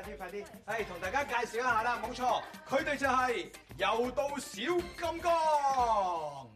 快啲，快啲！誒，同大家介紹一下啦，冇錯，佢哋就係柔道小金剛。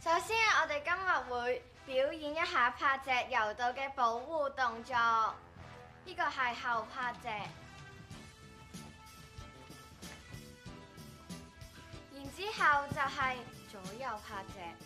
首先，我哋今日會表演一下拍隻柔道嘅保護動作。呢個係後拍隻，然之後就係左右拍隻。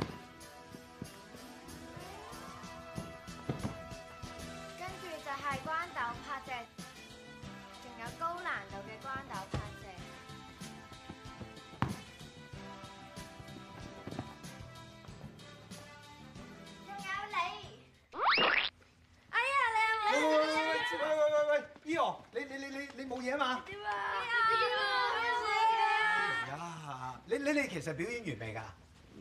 你哋其實表演完未㗎？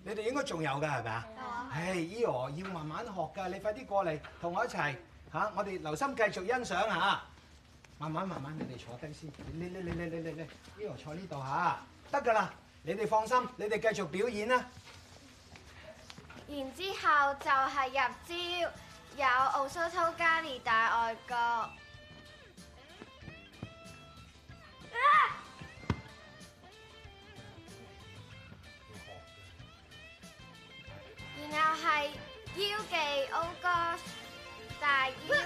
你哋應該仲有㗎係咪啊？係。唉、hey，Eo 要慢慢學㗎，你快啲過嚟同我一齊吓，我哋留心繼續欣賞吓！慢慢慢慢，你哋坐低先。你你你你你你，Eo 坐呢度吓！得㗎啦，你哋放心，你哋繼續表演啦。然之後就係入招，有奧蘇托加尼大外國。啊是腰技，Oh gosh！大腰，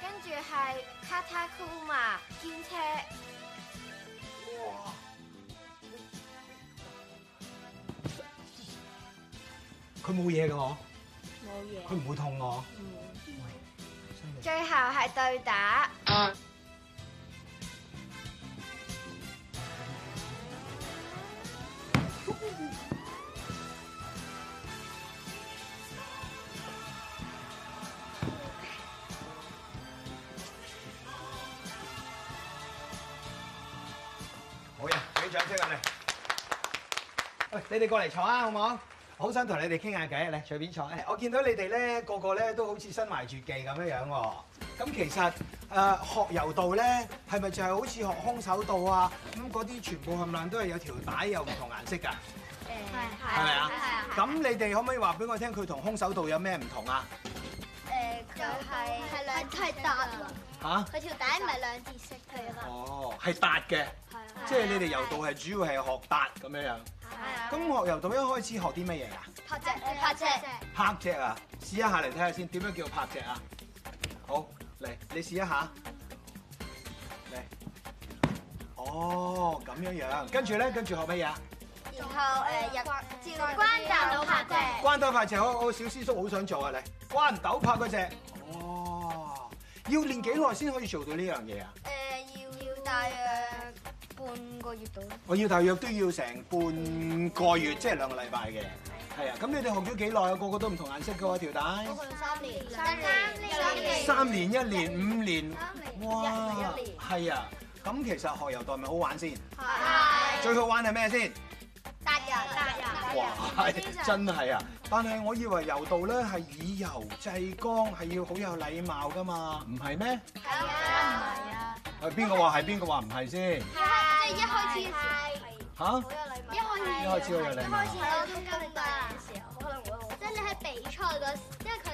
跟住係 Katakuma 肩車。佢冇嘢嘅嗬，冇嘢。佢唔會痛咯。最後係對打。啊你哋過嚟坐啊，好唔好？好想同你哋傾下偈，嚟隨便坐。我見到你哋咧，個個咧都好似身懷絕技咁樣樣喎。咁其實誒學柔道咧，係咪就係好似學空手道啊？咁嗰啲全部冚唪唥都係有條帶，有唔同顏色㗎。誒係。係咪啊？係啊。咁你哋可唔可以話俾我聽，佢同空手道有咩唔同啊？就係係係搭吓，佢條帶咪兩節色係嘛？哦、啊，係搭嘅，即係你哋柔道係主要係學搭咁樣樣。係啊。咁、啊啊、學柔道一開始學啲乜嘢啊？拍只，拍只。拍只啊！試一下嚟睇下先，點樣叫拍只啊？好，嚟，你試一下。嚟。哦，咁樣樣。跟住咧，跟住學乜嘢？然後誒，入關斗拍只。關斗拍只，我我小師叔好想做啊！嚟關斗拍嗰只。要練幾耐先可以做到呢樣嘢啊？誒，要要大約半個月到。我要大約都要成半個月，即係兩個禮拜嘅。係啊，咁你哋學咗幾耐啊？個個都唔同顏色嘅喎條帶。我學三年。三年。三年。三年。三年。一年。一年。三年。一年。係啊，咁其實學柔道咪好玩先？係。最好玩係咩先？哇，真係啊！但係我以為柔道咧係以柔制剛，係要好有禮貌噶嘛？唔係咩？梗係唔係啊？邊個話係？邊個話唔係先？即係一開始嘅時候，嚇，一開始，一開始好有禮貌，一開始都咁嘅。即係喺比賽嗰時，因為佢。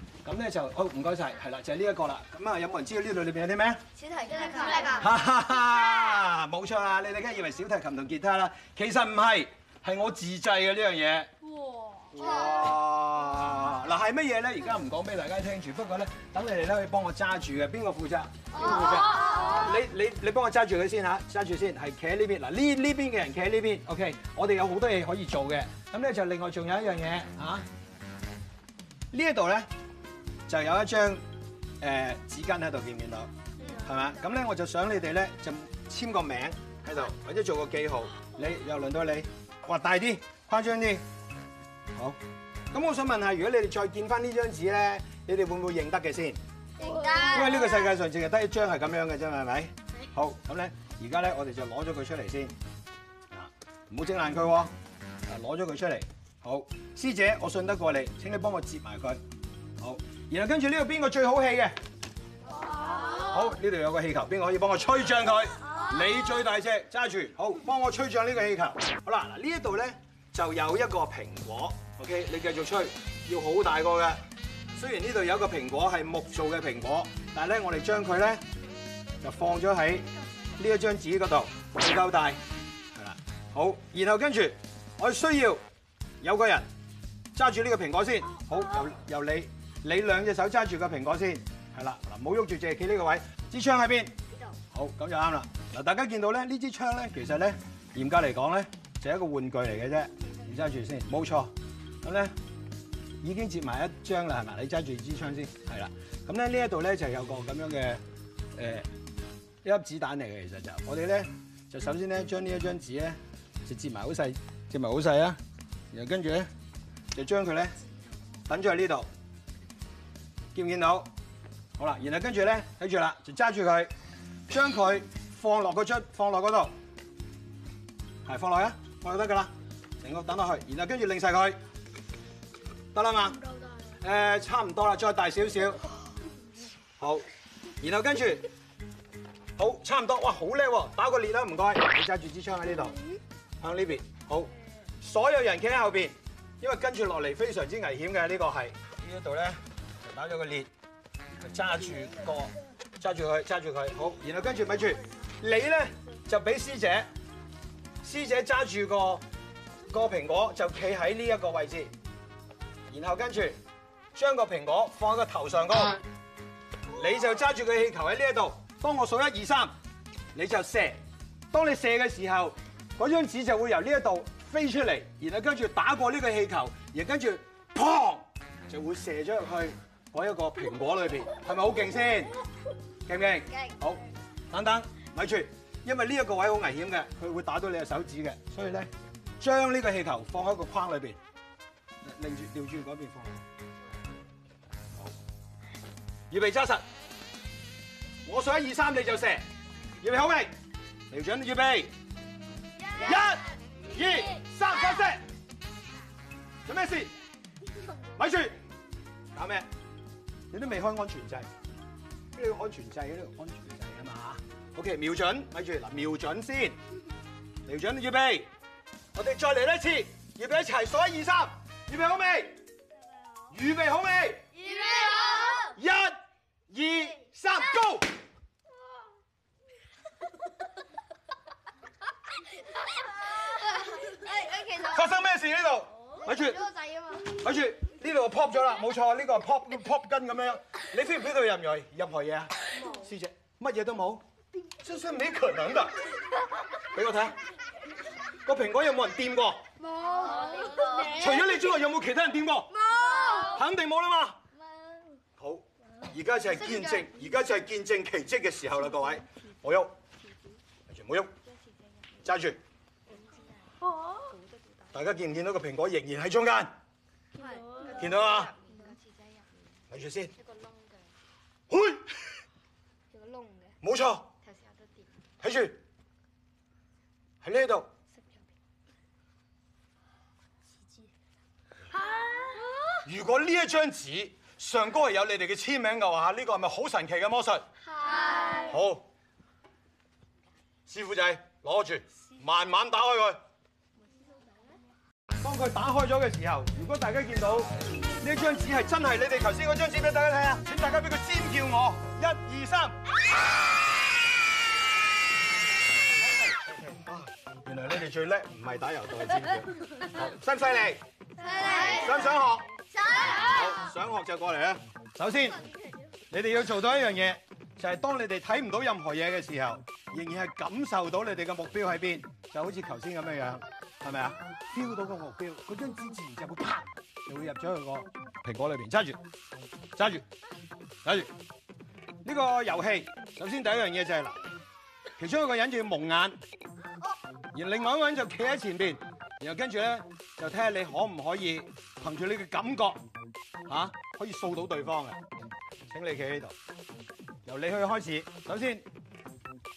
咁咧就好，唔該晒，係啦，就係呢一個啦。咁啊，有冇人知道呢度裏面有啲咩？小提琴嚟㗎。哈哈，冇錯啊！你哋梗係以為小提琴同吉他啦，其實唔係，係我自製嘅呢樣嘢。哇！哇！嗱，係乜嘢咧？而家唔講俾大家聽住，不過咧，等你哋咧可以幫我揸住嘅，邊個負責？邊個負責？你你你幫我揸住佢先嚇，揸住先，係企喺呢邊。嗱呢呢邊嘅人企喺呢邊。OK，我哋有好多嘢可以做嘅。咁咧就另外仲有一樣嘢嚇，呢一度咧。就有一張誒紙巾喺度見唔見到？係嘛？咁咧我就想你哋咧就簽個名喺度，或者做個記號。你又輪到你畫大啲、誇張啲。好，咁我想問下，如果你哋再見翻呢張紙咧，你哋會唔會認得嘅先？認得。因為呢個世界上淨係得一張係咁樣嘅啫，係咪？係。好，咁咧而家咧我哋就攞咗佢出嚟先。啊，唔好整爛佢喎！攞咗佢出嚟。好，師姐，我信得過你，請你幫我摺埋佢。好。然後跟住呢個邊個最好氣嘅？好，呢度有個氣球，邊個可以幫我吹脹佢？你最大隻揸住，好，幫我吹脹呢個氣球。好。好啦，嗱呢一度咧就有一個蘋果，OK，你繼續吹，要好大個嘅。雖然呢度有一個蘋果係木做嘅蘋果，但係咧我哋將佢咧就放咗喺呢一張紙嗰度，夠大係啦。好，然後跟住我需要有個人揸住呢個蘋果先。好，由由你。你兩隻手揸住個蘋果先，係啦，嗱，冇喐住，就係企呢個位。支槍喺邊？呢度。好，咁就啱啦。嗱，大家見到咧，呢支槍咧，其實咧嚴格嚟講咧，就係一個玩具嚟嘅啫。唔揸住先，冇錯。咁咧已經折埋一張啦，係嘛？你揸住支槍先，係啦。咁咧呢一度咧就是、有個咁樣嘅誒一粒子彈嚟嘅，其實就我哋咧就首先咧將呢一張紙咧就折埋好細，折埋好細啊。然後跟住咧就將佢咧等咗喺呢度。見唔見到？好啦，然後跟住咧，睇住啦，就揸住佢，將佢放落個樽，放落嗰度，係放落啊，放落得噶啦，成個等落去，然後跟住擰晒佢，得啦嘛？誒，差唔多啦，再大少少，好，然後跟住，好，差唔多，哇，好叻喎，打個裂啦，唔該，你揸住支槍喺呢度，向呢邊，好，所有人企喺後邊，因為跟住落嚟非常之危險嘅，這個、呢個係呢一度咧。打咗個裂，揸住個揸住佢，揸住佢好。然後跟住咪住，你咧就俾師姐，師姐揸住個個蘋果就企喺呢一個位置。然後跟住將個蘋果放喺個頭上高，你就揸住個氣球喺呢一度。當我數一二三，你就射。當你射嘅時候，嗰張紙就會由呢一度飛出嚟，然後跟住打過呢個氣球，然後跟住砰就會射咗入去，喺一個蘋果裏邊，係咪好勁先？勁唔勁？勁。好，等等，咪住，因為呢一個位好危險嘅，佢會打到你隻手指嘅，所以咧，將呢個氣球放喺個框裏邊，擰住掉轉嗰邊放。好，預備揸實。我數一二三，你就射。預備好未？瞄準，預備。一、二、三、三、四。有咩事？咪住，搞咩？你都未開安全掣，你要安全掣，呢度安全掣啊嘛，OK，瞄準，咪住嗱，瞄準先，瞄準，預備，我哋再嚟一次，要唔要一齊？數一二三，預備好未？預備好未？預備好。一、二、三，Go。發生咩事呢度？咪住。仔嘛，咪住。呢度 pop 咗啦，冇錯，呢個係 pop pop 根咁樣，你飛唔飛到人任何任何嘢啊？師姐，乜嘢都冇，就算你可能噶，俾我睇，個蘋果有冇人掂過？冇，除咗你之外，有冇其他人掂過？冇，肯定冇啦嘛。好，而家就係見證，而家就係見證奇蹟嘅時候啦，各位，冇喐，完全冇喐，揸住，大家見唔見到個蘋果仍然喺中間？見到啊？睇住先。有一個窿嘅。冇錯。睇住。喺呢度。如果呢一張紙上高係有你哋嘅簽名嘅話，呢個係咪好神奇嘅魔術？係。好，謝謝師傅仔攞住，慢慢打開佢。佢打開咗嘅時候，如果大家見到呢張紙係真係你哋頭先嗰張紙，俾大家睇下。請大家俾個尖叫我，一、二、三。哇！原來你哋最叻唔係打油，係尖叫。犀唔犀利！犀利！想唔想學？想。好，想學就過嚟啦。首先，你哋要做到一樣嘢，就係當你哋睇唔到任何嘢嘅時候，仍然係感受到你哋嘅目標喺邊，就好似頭先咁樣樣。係咪啊？標到個目標，嗰張紙自然就會啪，就會入咗去個蘋果裏邊。揸住，揸住，揸住。呢個遊戲首先第一樣嘢就係嗱，其中一個人就要蒙眼，而另外一個人就企喺前邊，然後跟住咧就睇下你可唔可以憑住你嘅感覺，吓可以掃到對方嘅。請你企喺度，由你去開始。首先，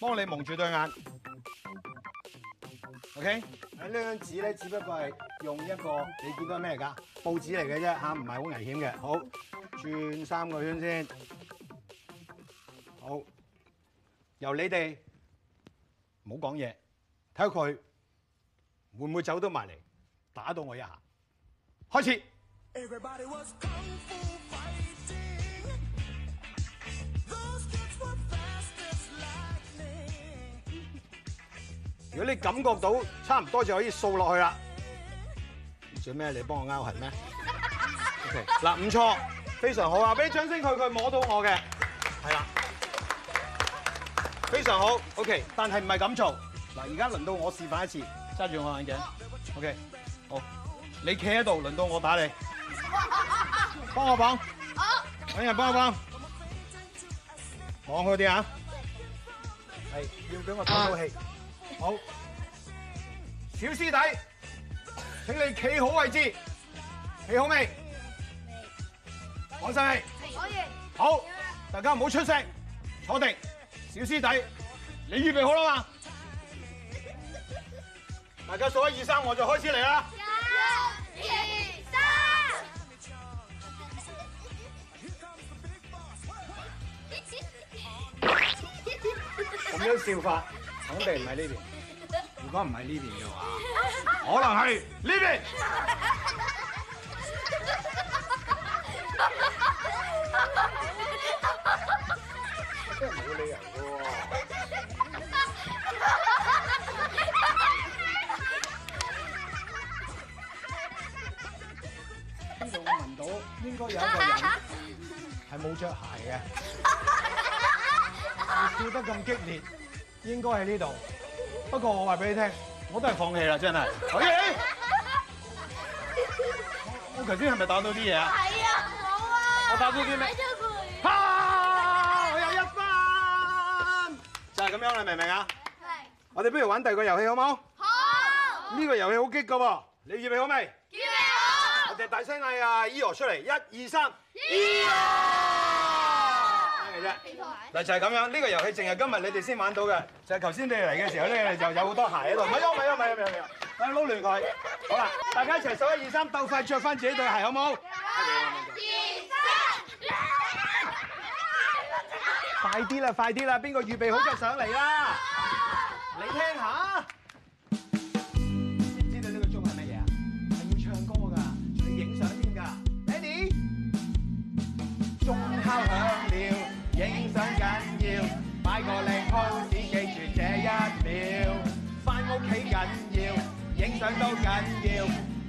幫你蒙住對眼。OK。喺呢張紙咧，只不過係用一個你見到咩嚟噶？報紙嚟嘅啫，吓唔係好危險嘅。好，轉三個圈先。好，由你哋，唔好講嘢，睇下佢會唔會走到埋嚟，打到我一下。開始。如果你感覺到差唔多就可以掃落去啦。做咩？你幫我拗痕咩？O K，嗱，唔錯，非常好啊！俾你掌聲佢，佢摸到我嘅，係啦，非常好。O、okay, K，但係唔係咁做。嗱，而家輪到我示範一次，揸住我眼鏡。啊、o、okay, K，好，你企喺度，輪到我打你，啊、幫我綁，等、啊、人幫我綁，望佢啲啊，係、啊啊啊、要俾我透到氣。啊啊好，小師弟，請你企好位置，企好未？講晒，好，好，好，好，好，大家唔好出聲，坐定。小師弟，你預備好啦嘛？大家數一、二、三，我就開始嚟啦。一、二、三。咁樣笑法肯定唔喺呢邊。如果唔係呢邊嘅話，可能係呢邊。真係冇理由喎。呢度我聞到，應該有一個人係冇著鞋嘅，笑得咁激烈，應該喺呢度。不過我話俾你聽，我都係放棄啦，真 係、欸。我頭先係咪打到啲嘢啊？係啊，我啊。我打到啲咩、啊？我有一分， 就係咁樣啦，明唔明啊？係。我哋不如玩第二個遊戲好唔好？好。呢、這個遊戲好激噶喎，你預備好未？預備好。我哋大聲嗌啊！Eo 出嚟，一二三，Eo。嗱就係咁樣，呢個遊戲淨係今日你哋先玩到嘅，就係頭先你哋嚟嘅時候咧就有好多鞋喺度，唔係啊唔係啊唔係啊唔係啊，快撈亂佢！好啦，大家一齊數一二三，鬥快著翻自己對鞋，好冇？一二三，快啲啦，快啲啦，邊個預備好嘅上嚟啦？你聽下。